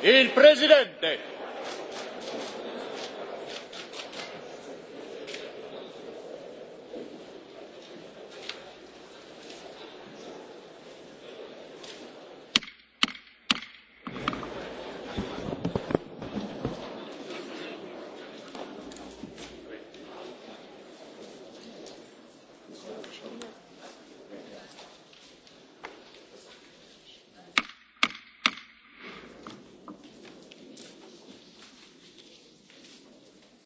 Il Presidente